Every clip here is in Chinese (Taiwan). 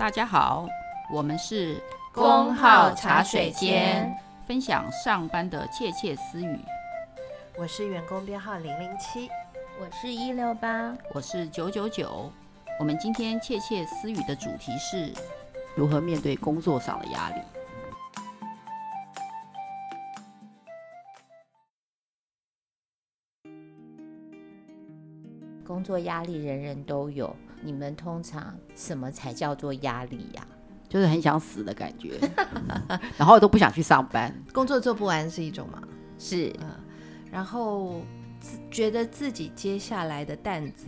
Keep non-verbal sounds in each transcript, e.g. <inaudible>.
大家好，我們是工號茶水間，分享上班的竊竊私語。我是員工編號零零七，我是一六八，我是九九九。我們今天竊竊私語的主題是如何面對工作上的壓力。工作壓力人人都有。你們通常什麼才叫做壓力呀？啊？就是很想死的感覺、 <laughs> 嗯，然後都不想去上班，工作做不完是一種嗎？是，嗯，然後自覺得自己接下來的擔子，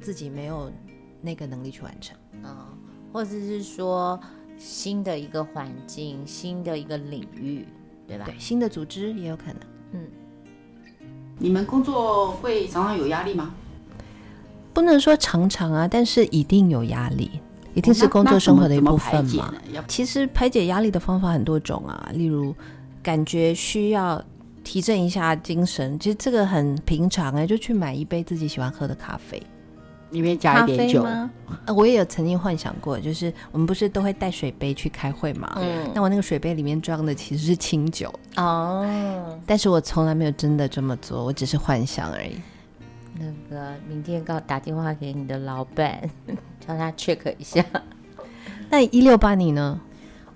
自己沒有那個能力去完成，嗯，或者是說新的一個環境，新的一個領域，對吧對？新的組織也有可能。嗯，你們工作會常常有壓力嗎？不能說常常啊，但是一定有壓力，一定是工作生活的一部分嘛。其實排解壓力的方法很多種啊，例如感覺需要提振一下精神，其實這個很平常哎、欸，就去買一杯自己喜歡喝的咖啡，裡面加一點酒。我也有曾經幻想過，就是我們不是都會帶水杯去開會嘛？嗯。那我那個水杯裡面裝的其實是清酒哦，但是我從來沒有真的這麼做，我只是幻想而已。那個明天告打電話給你的老闆，叫他 check 一下。那一六八你呢？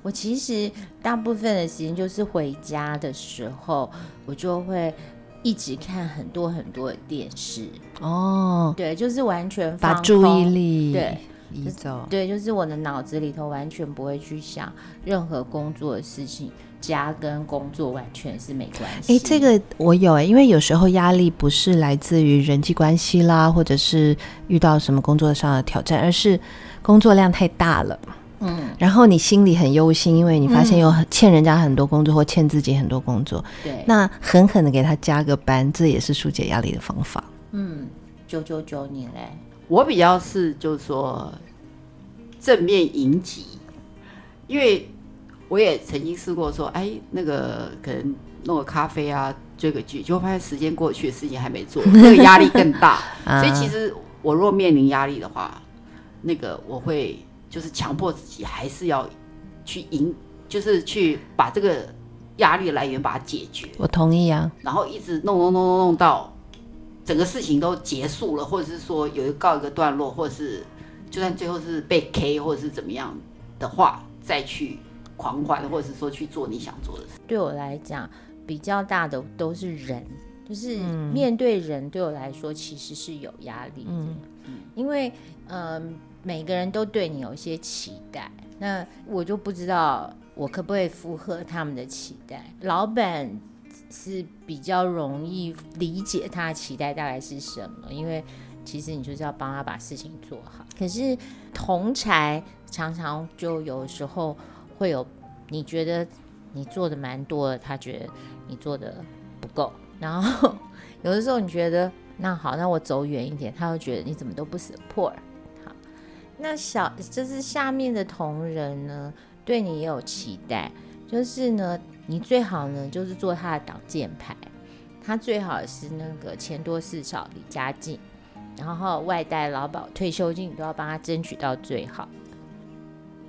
我其實大部分的時間就是回家的時候，我就會一直看很多很多的電視。哦，對，就是完全把注意力對移走。對，就是我的腦子裡頭完全不會去想任何工作的事情。家跟工作完全是沒關係。哎、欸，這個我有哎、欸，因為有時候壓力不是來自於人際關係啦，或者是遇到什麼工作上的挑戰，而是工作量太大了。嗯，然後你心裡很憂心，因為你發現有欠人家很多工作，嗯、或欠自己很多工作。對，那狠狠的給他加個班，這也是疏解壓力的方法。嗯，九九九你嘞？我比較是就是說正面迎擊，因為。我也曾經試過說：“哎，那個可能弄個咖啡啊，追個劇，就會發現時間過去，事情還沒做， <laughs> 那個壓力更大。所以其實我若面臨壓力的話，uh. 那個我會就是強迫自己還是要去贏，就是去把這個壓力來源把它解決。我同意啊。然後一直弄弄弄弄弄弄到整個事情都結束了，或者是說有告一個段落，或者是就算最後是被 K 或者是怎麼樣的話，再去。”狂歡，或者是說去做你想做的事。對我來講，比較大的都是人，就是面對人，對我來說其實是有壓力的。的、嗯。嗯，因為嗯、呃，每個人都對你有一些期待，那我就不知道我可不可以符合他們的期待。老闆是比較容易理解他的期待大概是什麼，因為其實你就是要幫他把事情做好。可是同儕常常就有時候。會有你覺得你做的蠻多的，他覺得你做的不夠。然後有的時候你覺得那好，那我走遠一點，他會覺得你怎麼都不 support。好，那小就是下面的同仁呢，對你也有期待，就是呢，你最好呢就是做他的擋箭牌，他最好是那個錢多事少離家近，然後外帶、勞保、退休金，你都要幫他爭取到最好。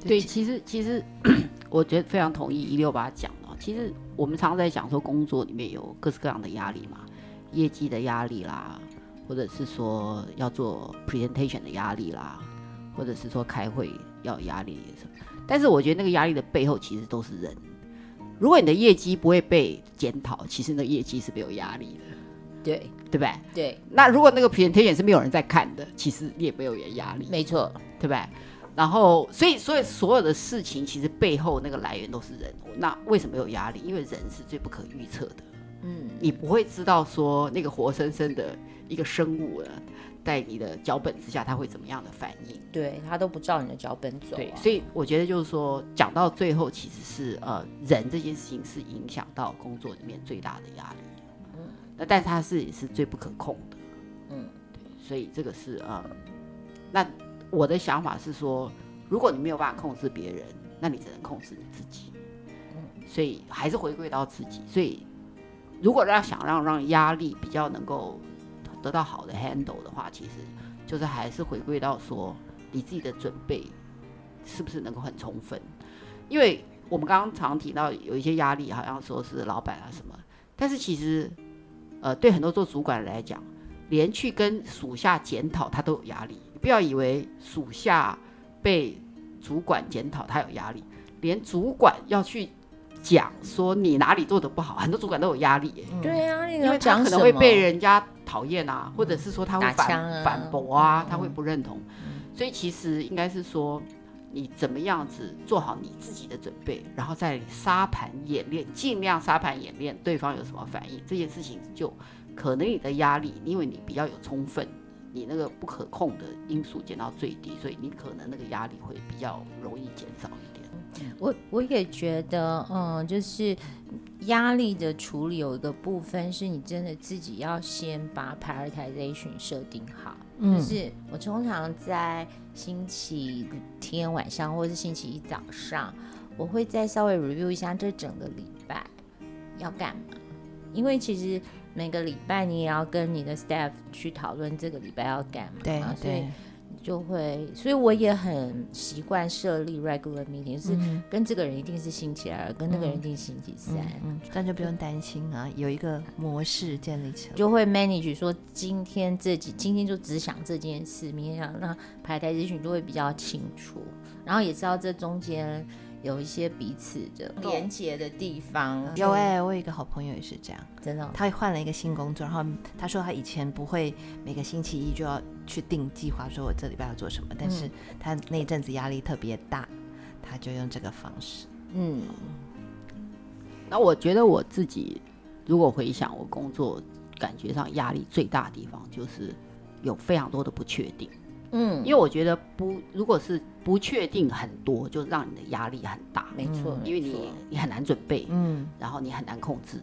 對，其實其實 <coughs> 我覺得非常同意一六八講的。其實我們常常在講說，工作裡面有各式各樣的壓力嘛，業績的壓力啦，或者是說要做 presentation 的壓力啦，或者是說開會要壓力什麼。但是我覺得那個壓力的背後，其實都是人。如果你的業績不會被檢討，其實那業績是沒有壓力的。對，對吧？對。那如果那個 presentation 是沒有人在看的，其實你也沒有人壓力。沒錯，對吧？然後，所以，所以所有的事情其實背後那個來源都是人。那為什麼有壓力？因為人是最不可預測的。嗯，你不會知道說那個活生生的一個生物啊，在你的腳本之下，他會怎麼樣的反應？對，他都不照你的腳本走啊。對，所以我覺得就是說，講到最後，其實是呃，人這件事情是影響到工作裡面最大的壓力。嗯，那但是它是也是最不可控的。嗯，對，所以這個是呃、啊，那。我的想法是說，如果你沒有辦法控制別人，那你只能控制你自己。所以還是回歸到自己。所以如果要想讓讓壓力比較能夠得到好的 handle 的話，其實就是還是回歸到說你自己的準備是不是能夠很充分？因為我們剛剛常提到有一些壓力，好像說是老闆啊什麼，但是其實呃對很多做主管來講，連去跟屬下檢討他都有壓力。不要以為屬下被主管檢討，他有壓力；連主管要去講說你哪裡做得不好，很多主管都有壓力、欸。對、嗯、呀，因為他可能會被人家討厭啊、嗯，或者是說他會反、啊、反駁啊、嗯，他會不認同。嗯、所以其實應該是說，你怎麼樣子做好你自己的準備，然後再沙盤演練，盡量沙盤演練對方有什麼反應，這件事情就可能你的壓力，因為你比較有充分。你那個不可控的因素減到最低，所以你可能那個壓力會比較容易減少一點。我我也覺得，嗯，就是壓力的處理有一個部分是你真的自己要先把 prioritization 設定好。嗯，就是我通常在星期天晚上或是星期一早上，我會再稍微 review 一下這整個禮拜要幹嘛，因為其實。每個禮拜你也要跟你的 staff 去討論這個禮拜要幹嘛，對，對就會，所以我也很習慣設立 regular meeting，是跟這個人一定是星期二，嗯、跟那個人一定是星期三、嗯嗯嗯，但就不用擔心啊，有一個模式建立起來，就會 manage 說今天這幾，今天就只想這件事，明天想讓排台資訊都會比較清楚，然後也知道這中間。有一些彼此的連接的地方。嗯、有哎、欸，我有一個好朋友也是這樣，真的，哦。他換了一個新工作，然後他說他以前不會每個星期一就要去定計劃，說我這禮拜要做什麼。嗯、但是他那陣子壓力特別大，他就用這個方式。嗯。那我覺得我自己，如果回想我工作，感覺上壓力最大的地方，就是有非常多的不確定。嗯，因為我覺得不，如果是不確定很多，就讓你的壓力很大。嗯，沒錯，因為你你很難準備，嗯，然後你很難控制。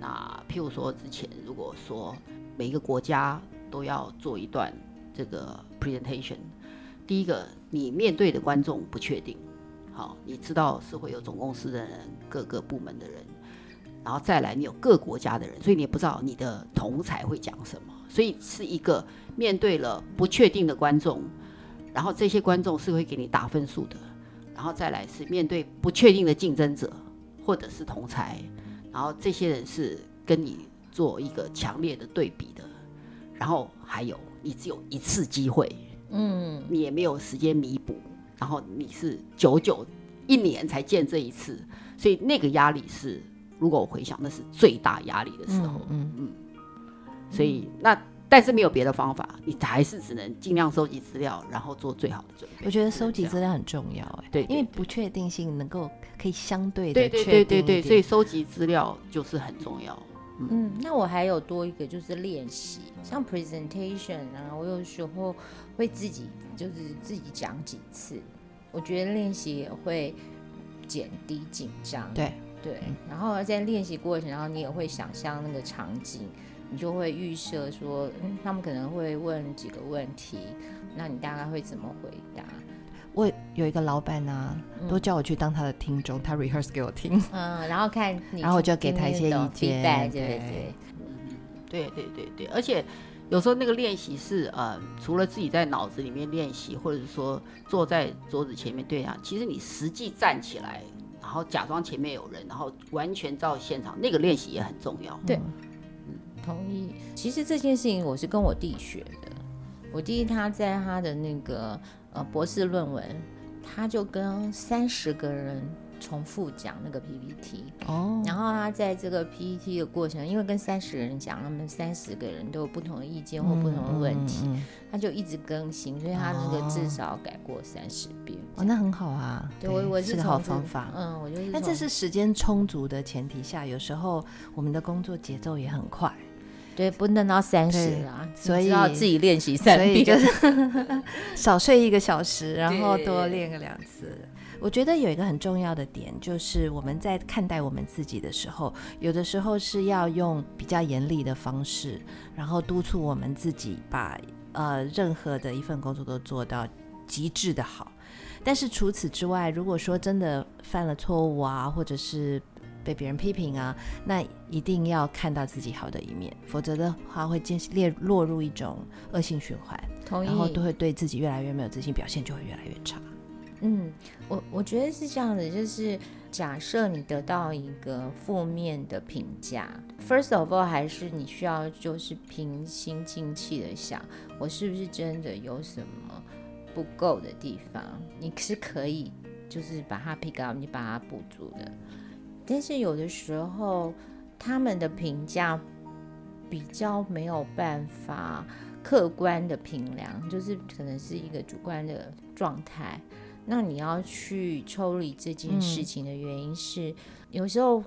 那譬如說之前，如果說每一個國家都要做一段這個 presentation，第一個你面對的觀眾不確定，好，你知道是會有總公司的人、各個部門的人，然後再來你有各國家的人，所以你也不知道你的同才會講什麼。所以是一個面對了不確定的觀眾，然後這些觀眾是會給你打分數的，然後再來是面對不確定的競爭者或者是同儕，然後這些人是跟你做一個強烈的對比的，然後還有你只有一次機會，嗯，你也沒有時間彌補，然後你是久久一年才見這一次，所以那個壓力是，如果我回想，那是最大壓力的時候，嗯嗯。所以那但是沒有別的方法，你還是只能盡量收集資料，然後做最好的準備。我覺得收集資料很重要，欸，哎，對，對，對，因為不確定性能夠可以相對的確定，對對，對對對，所以收集資料就是很重要，嗯。嗯，那我還有多一個就是練習，像 presentation 啊，我有時候會自己就是自己講幾次。我覺得練習也會減低緊張，對對。然後在練習過程，然後你也會想象那個場景。你就會預設說、嗯，他們可能會問幾個問題，那你大概會怎麼回答？我有一個老闆呢、啊，嗯，都叫我去當他的聽眾，他 rehearse 給我聽。嗯，然後看你，然後我就給他一些意見 feedback，對，對對對對。而且有時候那個練習是呃，除了自己在腦子裡面練習，或者是說坐在桌子前面對啊，其實你實際站起來，然後假裝前面有人，然後完全照現場，那個練習也很重要。對。同意。其實這件事情我是跟我弟學的，我弟他在他的那個呃博士論文，他就跟三十個人重複講那個 PPT 哦，然後他在這個 PPT 的過程，因為跟三十人講，他們三十個人都有不同的意見或不同的問題、嗯嗯嗯，他就一直更新，所以他那個至少改過三十遍哦，哦，那很好啊。對，我我是個好方法，嗯，我就那這是時間充足的前提下，有時候我們的工作節奏也很快。對，不能到三十啊，所以要自己練習三十，所以就是呵呵少睡一個小時，然後多練個兩次。我覺得有一個很重要的點，就是我們在看待我們自己的時候，有的時候是要用比較嚴厲的方式，然後督促我們自己把呃任何的一份工作都做到極致的好。但是除此之外，如果說真的犯了錯誤啊，或者是。被別人批評啊，那一定要看到自己好的一面，否則的話會進列落入一種惡性循環，同意。然後都會對自己越來越沒有自信，表現就會越來越差。嗯，我我覺得是這樣子，就是假設你得到一個負面的評價，first of all，還是你需要就是平心靜氣的想，我是不是真的有什麼不夠的地方？你是可以就是把它 pick up，你把它補足的。但是有的時候，他們的評價比較沒有辦法客觀的評量，就是可能是一個主觀的狀態。那你要去抽離這件事情的原因是，嗯，有時候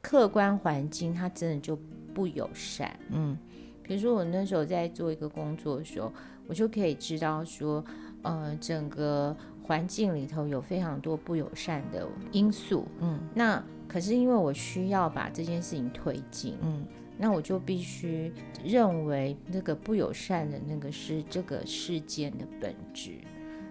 客觀環境它真的就不友善。嗯，比如說我那時候在做一個工作的時候，我就可以知道說，呃，整個環境裡頭有非常多不友善的因素。嗯，那。可是因為我需要把這件事情推進，嗯，那我就必須認為那個不友善的那個是這個事件的本質。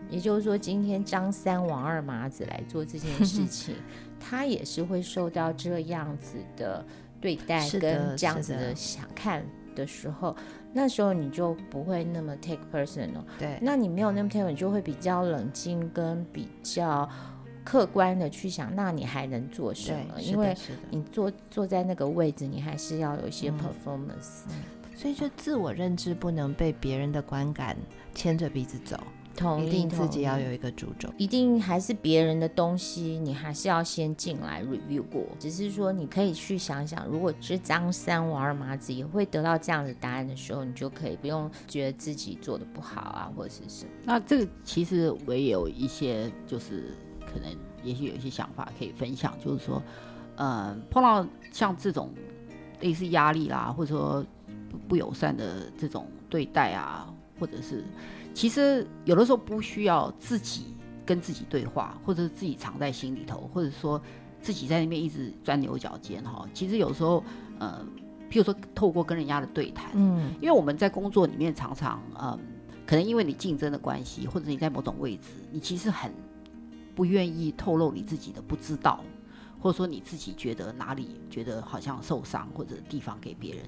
也就是說，今天張三、王二麻子來做這件事情， <laughs> 他也是會受到這樣子的對待跟這樣子的想看的時候，那時候你就不會那麼 take personal，對，那你沒有那麼 take 你就會比較冷靜跟比較。客觀的去想，那你還能做什麼？是的，因為你坐坐在那個位置，你還是要有一些 performance。嗯，所以，就自我認知不能被別人的觀感牽着鼻子走同意，一定自己要有一個主軸。一定還是別人的東西，你還是要先進來 review 過。只是說，你可以去想想，如果是張三、王二麻子也會得到這樣的答案的時候，你就可以不用覺得自己做的不好啊，或者是什麼。那這個其實我也有一些，就是。可能也許有一些想法可以分享，就是說，呃、嗯，碰到像這種類似壓力啦，或者說不友善的這種對待啊，或者是其實有的時候不需要自己跟自己對話，或者是自己藏在心裡頭，或者說自己在那邊一直鑽牛角尖哈。其實有時候，呃、嗯，譬如說透過跟人家的對談，嗯，因為我們在工作裡面常常，嗯，可能因為你競爭的關係，或者你在某種位置，你其實很。不願意透露你自己的不知道，或者說你自己覺得哪裡覺得好像受傷或者地方給別人，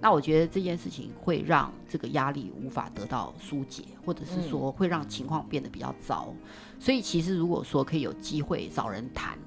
那我覺得這件事情會讓這個壓力無法得到疏解，或者是說會讓情況變得比較糟。嗯、所以其實如果說可以有機會找人談，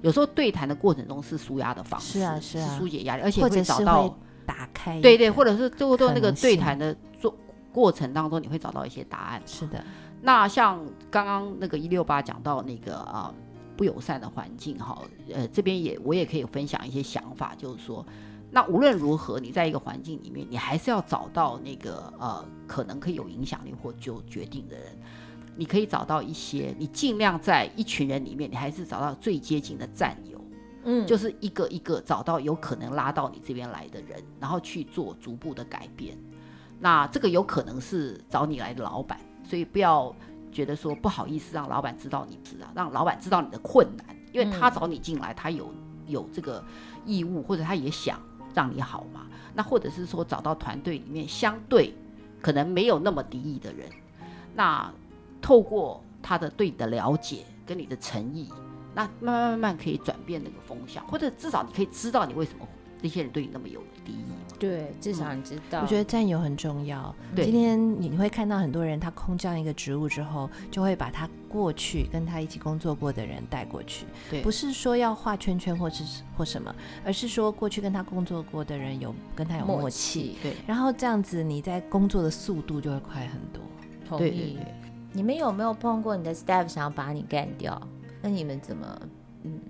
有時候對談的過程中是紓壓的方式，是、啊是,啊、是疏解壓力，而且會找到會打開，對對，或者是做做那個對談的做過程當中，你會找到一些答案。是的。那像剛剛那個一六八講到那個啊、呃、不友善的環境哈，呃這邊也我也可以分享一些想法，就是說，那無論如何你在一個環境裡面，你還是要找到那個呃可能可以有影響力或就決定的人，你可以找到一些，你盡量在一群人裡面，你還是找到最接近的戰友，嗯，就是一個一個找到有可能拉到你這邊來的人，然後去做逐步的改變，那這個有可能是找你來的老闆。所以不要覺得說不好意思讓老闆知道，你知道，讓老闆知道你的困難，因為他找你進來，他有有這個義務，或者他也想讓你好嘛。那或者是說找到團隊裡面相對可能沒有那麼敵意的人，那透過他的對你的了解跟你的誠意，那慢慢慢慢可以轉變那個風向，或者至少你可以知道你為什麼。那些人對你那麼有敵意嗎？對，至少你知道、嗯。我覺得戰友很重要。對，今天你你會看到很多人，他空降一個職務之後，就會把他過去跟他一起工作過的人帶過去。對，不是說要畫圈圈或是或什麼，而是說過去跟他工作過的人有跟他有默契，默契對。對，然後這樣子你在工作的速度就會快很多。同意對對對。你們有沒有碰過你的 staff 想要把你幹掉？那你們怎麼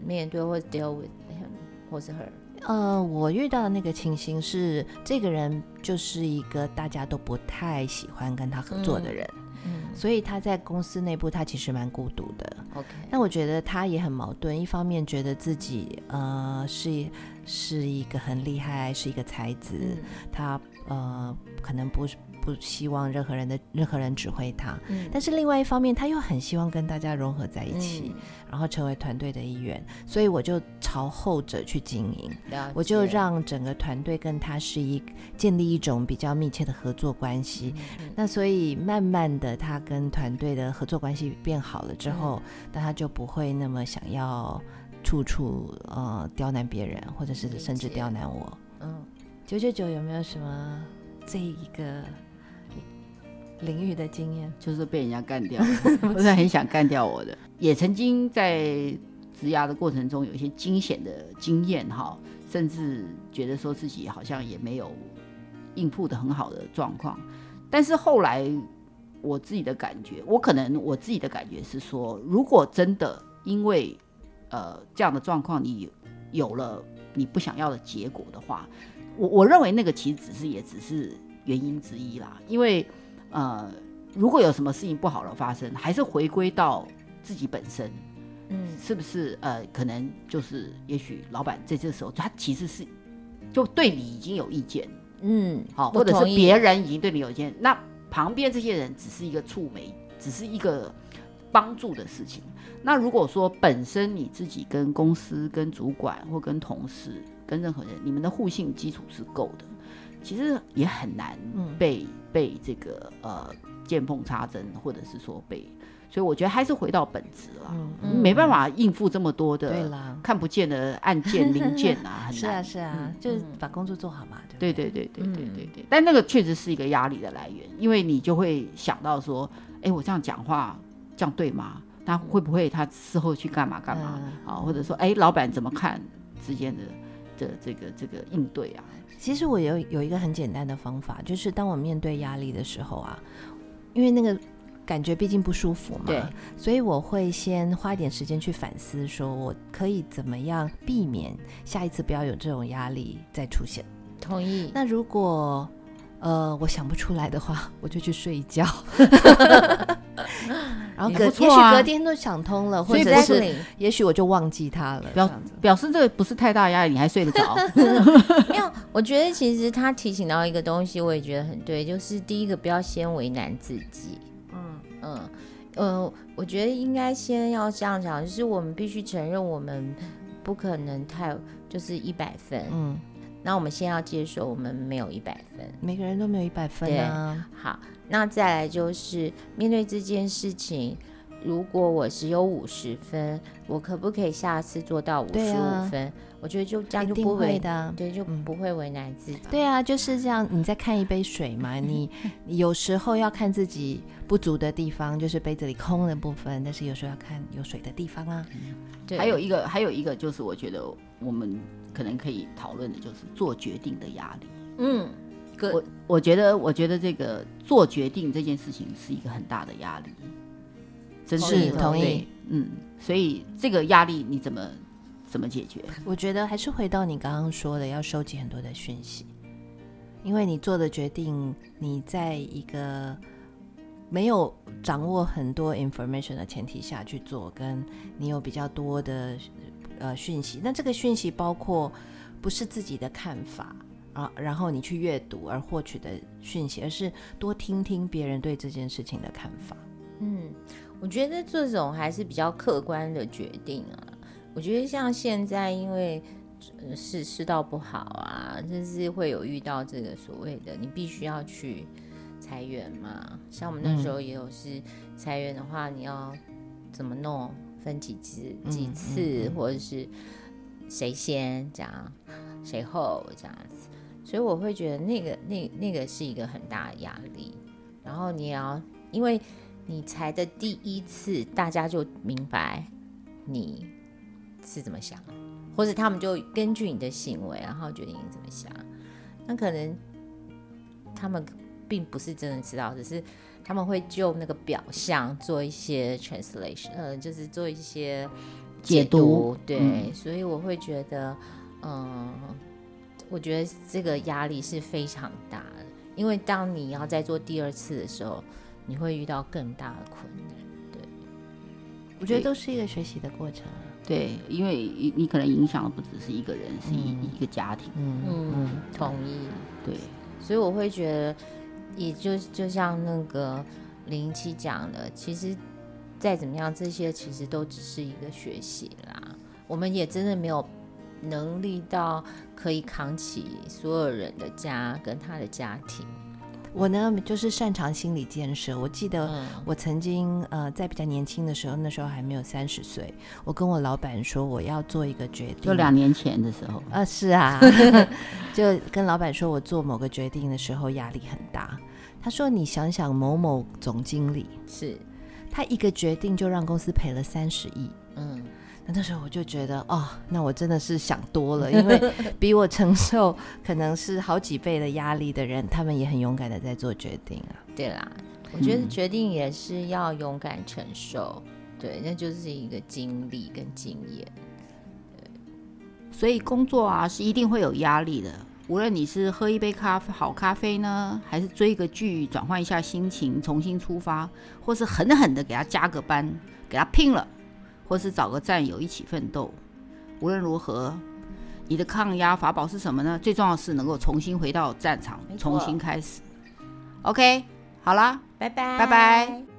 面對或 deal with him 或是 her？呃，我遇到的那個情形是，這個人就是一個大家都不太喜歡跟他合作的人，嗯嗯、所以他在公司內部他其實蠻孤獨的。那、okay. 但我覺得他也很矛盾，一方面覺得自己呃是是一個很厲害，是一個才子，嗯、他呃可能不是。不希望任何人的任何人指揮他，嗯，但是另外一方面，他又很希望跟大家融合在一起，嗯、然後成為團隊的一員。所以我就朝後者去經營，我就讓整個團隊跟他是一建立一種比較密切的合作關係。嗯嗯、那所以慢慢的，他跟團隊的合作關係變好了之後，那、嗯、他就不會那麼想要處處呃刁難別人，或者是甚至刁難我。嗯，九九九有沒有什麼這一個？領域的經驗就是被人家幹掉我，不是很想幹掉我的。 <laughs> 也曾經在職涯的過程中有一些驚險的經驗，哈，甚至覺得說自己好像也沒有應付得很好的狀況。但是後來，我自己的感覺，我可能我自己的感覺是說，如果真的因為呃這樣的狀況，你有了你不想要的結果的話，我我認為那個其實只是也只是原因之一啦，因為。呃，如果有什麼事情不好的發生，還是回歸到自己本身，嗯，是不是？呃，可能就是，也許老闆在這時候，他其實是就對你已經有意見，嗯，好，或者是別人已經對你有意見，那旁邊這些人只是一個觸媒，只是一個幫助的事情。那如果說本身你自己跟公司、跟主管或跟同事、跟任何人，你們的互信基礎是夠的。其實也很難被、嗯、被這個呃見縫插針，或者是說被，所以我覺得還是回到本質了、啊嗯嗯，沒辦法應付這麼多的看不見的案件 <laughs> 零件啊，很難。是啊是啊，嗯、就是把工作做好嘛，嗯、對，對，對對對對對，對，對、嗯、但那個確實是一個壓力的來源，因為你就會想到說，哎，我這樣講話這樣對嗎？他會不會他事後去幹嘛幹嘛？嗯、啊，或者說哎，老板怎麼看之間的？的這個這個應對啊，其實我有有一個很簡單的方法，就是當我面對壓力的時候啊，因為那個感覺畢竟不舒服嘛，對，所以我會先花一點時間去反思，說我可以怎麼樣避免下一次不要有這種壓力再出現。同意。那如果呃我想不出來的話，我就去睡一覺。 <laughs> 嗯、然後，啊、也許隔天都想通了，或者是 Blanding, 也許我就忘記他了。表表示，這個不是太大壓力，你還睡得着。 <laughs> 沒有，我覺得其實他提醒到一個東西，我也覺得很對，就是第一個不要先為難自己。嗯嗯，嗯呃，我覺得應該先要這樣講，就是我們必須承認我們不可能太就是一百分。嗯，那我們先要接受我們沒有一百分，每個人都沒有一百分、啊、對，好。那再來就是面對這件事情，如果我只有五十分，我可不可以下次做到五十五分？啊？我覺得就這樣就不會，一定會的、啊，對，就不會為難自己、嗯。對啊，就是這樣。你再看一杯水嘛、嗯，你，你有時候要看自己不足的地方，就是杯子裡空的部分；但是有時候要看有水的地方啊。嗯、對還有一個，還有一個就是，我覺得我們可能可以討論的就是做決定的壓力。嗯。我我覺得，我覺得這個做決定這件事情是一個很大的壓力，的真的是同意，嗯，所以這個壓力你怎麼怎麼解決？我覺得還是回到你剛剛說的，要收集很多的訊息，因為你做的決定，你在一個沒有掌握很多 information 的前提下去做，跟你有比較多的呃訊息，那這個訊息包括不是自己的看法。啊，然後你去閱讀而獲取的訊息，而是多聽聽別人對這件事情的看法。嗯，我覺得這種還是比較客觀的決定啊。我覺得像現在，因為是、呃、世、世道不好啊，就是會有遇到這個所謂的你必須要去裁員嘛。像我們那時候也有是裁員的話，嗯、你要怎麼弄？分幾次、幾次，嗯嗯嗯、或者是誰先這樣，誰後這樣子。所以我會覺得那個那那個是一個很大的壓力，然後你也要，因為你才的第一次，大家就明白你是怎麼想的，或者他們就根據你的行為，然後決定你怎麼想。那可能他們並不是真的知道，只是他們會就那個表象做一些 translation，呃，就是做一些解讀。解讀。對，嗯，所以我會覺得，嗯、呃。我覺得這個壓力是非常大的，因為當你要再做第二次的時候，你會遇到更大的困難。對，我覺得都是一個學習的過程。對，因為你可能影響的不只是一個人，嗯、是一一個家庭。嗯嗯，嗯，同意。對，所以我會覺得，也就就像那個零七講的，其實再怎麼樣，這些其實都只是一個學習啦。我們也真的沒有。能力到可以扛起所有人的家跟他的家庭。我呢，就是擅長心理建設。我記得我曾經、嗯、呃，在比較年輕的時候，那時候還沒有三十歲，我跟我老板說我要做一個決定。就兩年前的時候。啊、呃，是啊， <laughs> 就跟老板說，我做某個決定的時候壓力很大。他說：“你想想某某總經理，是他一個決定就讓公司賠了三十億。”嗯。那那時候我就覺得，哦，那我真的是想多了，因為比我承受可能是好幾倍的壓力的人，他們也很勇敢地在做決定啊。對啦，我覺得決定也是要勇敢承受，嗯、對，那就是一個經歷跟經驗。對，所以工作啊，是一定會有壓力的，無論你是喝一杯咖啡好咖啡呢，還是追一個劇，轉換一下心情，重新出發，或是狠狠地給他加個班，給他拼了。或是找個戰友一起奮鬥。無論如何，你的抗壓法寶是什麼呢？最重要的是能夠重新回到戰場，重新開始。OK，好啦，拜拜，拜拜。